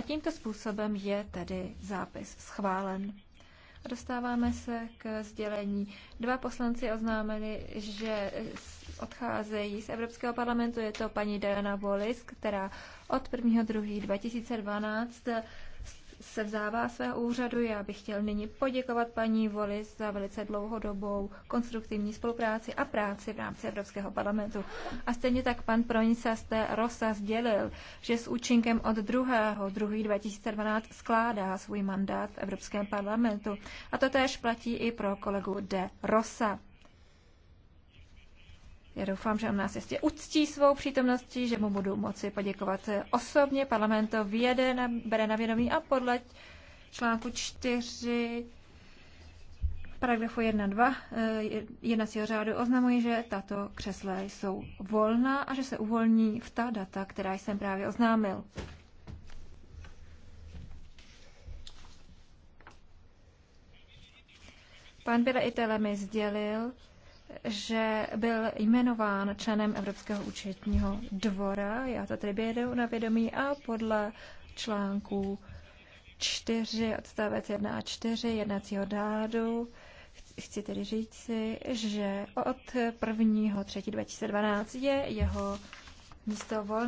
A tímto způsobem je tedy zápis schválen. Dostáváme se k sdělení. Dva poslanci oznámili, že odcházejí z Evropského parlamentu. Je to paní Diana Wallis, která od 1.2.2012 se vzdává svého úřadu. Já bych chtěl nyní poděkovat paní Volis za velice dlouhodobou konstruktivní spolupráci a práci v rámci Evropského parlamentu. A stejně tak pan Pronisas de Rosa sdělil, že s účinkem od 2. 2. 2012 skládá svůj mandát v Evropském parlamentu. A to též platí i pro kolegu de Rosa. Já doufám, že on nás jistě uctí svou přítomností, že mu budu moci poděkovat osobně. Parlament to vyjede, na, bere na vědomí a podle článku 4 paragrafu 1 2 eh, jednacího řádu oznamuji, že tato křesla jsou volná a že se uvolní v ta data, která jsem právě oznámil. Pan Bira Itele mi sdělil, že byl jmenován členem Evropského účetního dvora. Já to tedy bědu na vědomí a podle článků 4, odstavec 1 a 4 jednacího dádu chci tedy říci, že od 1. 3. 2012 je jeho místo volné.